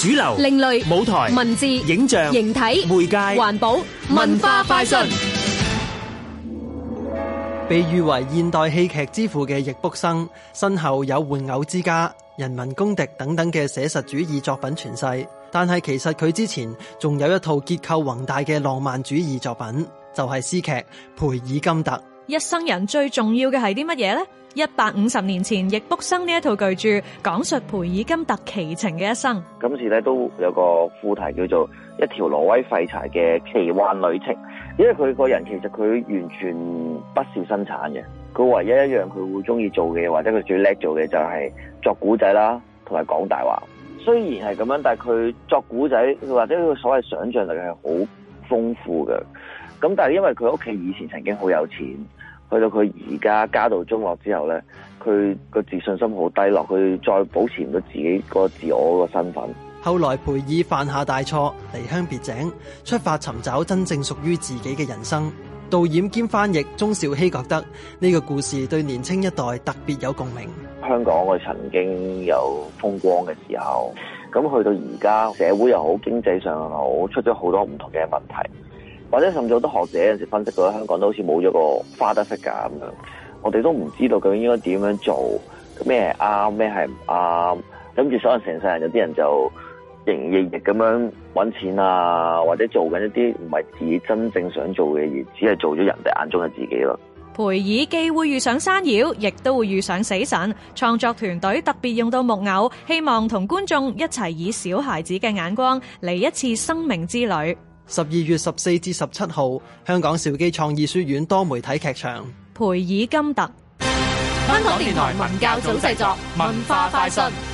主流、另類舞台、文字、影像、形體、媒介、環保、文化、快訊。被譽為現代戲劇之父嘅易卜生，身後有《玩偶之家》《人民公敵》等等嘅寫實主義作品傳世，但係其實佢之前仲有一套結構宏大嘅浪漫主義作品，就係詩劇《培爾金特》。一生人最重要嘅係啲乜嘢咧？一百五十年前，易卜生呢一套巨著，講述培爾金特奇情嘅一生。今次咧都有個副題叫做《一條挪威廢柴嘅奇幻旅程》，因為佢個人其實佢完全不事生產嘅，佢唯一一樣佢會中意做嘅，或者佢最叻做嘅就係作古仔啦，同埋講大話。雖然係咁樣，但係佢作古仔或者佢所謂想象力係好。豐富嘅，咁但係因為佢屋企以前曾經好有錢，去到佢而家家道中落之後咧，佢個自信心好低落，佢再保持唔到自己個自我個身份。後來培爾犯下大錯，離鄉別井，出發尋找真正屬於自己嘅人生。導演兼翻譯鍾兆熙覺得呢個故事對年輕一代特別有共鳴，香港我曾經有風光嘅時候。咁去到而家，社會又好，經濟上又好，出咗好多唔同嘅問題，或者甚至好多學者有陣時分析過，香港都好似冇咗個 father figure 㗎咁樣，我哋都唔知道究竟應該點樣做，咩係啱，咩係唔啱，諗住所以成世人有啲人就日日咁樣揾錢啊，或者做緊一啲唔係自己真正想做嘅嘢，只係做咗人哋眼中嘅自己咯。培爾既會遇上山妖，亦都會遇上死神。創作團隊特別用到木偶，希望同觀眾一齊以小孩子嘅眼光嚟一次生命之旅。十二月十四至十七號，香港兆基創意書院多媒體劇場《培爾金特》。香港電台文教組製作，文化快訊。